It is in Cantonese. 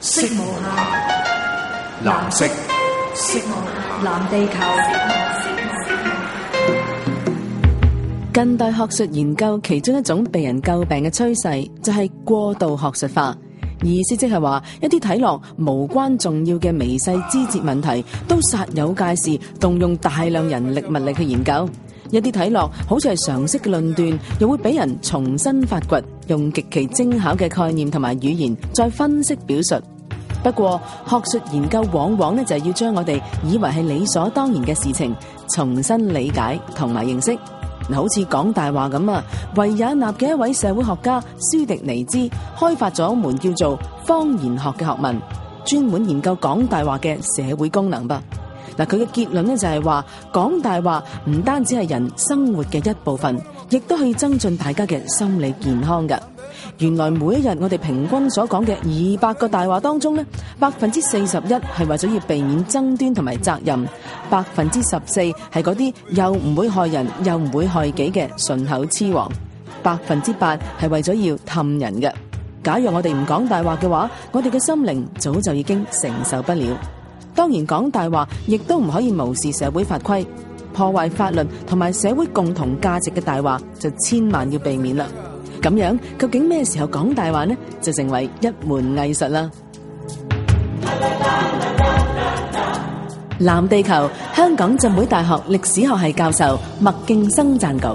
色無限，藍色。色無限，藍地球。近代學術研究其中一種被人詬病嘅趨勢，就係、是、過度學術化。意思即係話，一啲睇落無關重要嘅微細枝節問題，都煞有介事，動用大量人力物力去研究；一啲睇落好似係常識嘅論斷，又會俾人重新發掘。用極其精巧嘅概念同埋語言再分析表述。不過，學術研究往往咧就係要將我哋以為係理所當然嘅事情重新理解同埋認識。好似講大話咁啊！維也納嘅一位社會學家舒迪尼茲開發咗一門叫做謊言學嘅學問，專門研究講大話嘅社會功能吧。嗱，佢嘅結論咧就係話，講大話唔單止係人生活嘅一部分，亦都可以增進大家嘅心理健康嘅。原來每一日我哋平均所講嘅二百個大話當中咧，百分之四十一係為咗要避免爭端同埋責任，百分之十四係嗰啲又唔會害人又唔會害己嘅順口雌黃，百分之八係為咗要氹人嘅。假如我哋唔講大話嘅話，我哋嘅心靈早就已經承受不了。當然講大話，亦都唔可以無視社會法規、破壞法律同埋社會共同價值嘅大話，就千萬要避免啦。咁樣究竟咩時候講大話呢？就成為一門藝術啦。藍地球，香港浸會大學歷史學系教授麥勁生撰稿。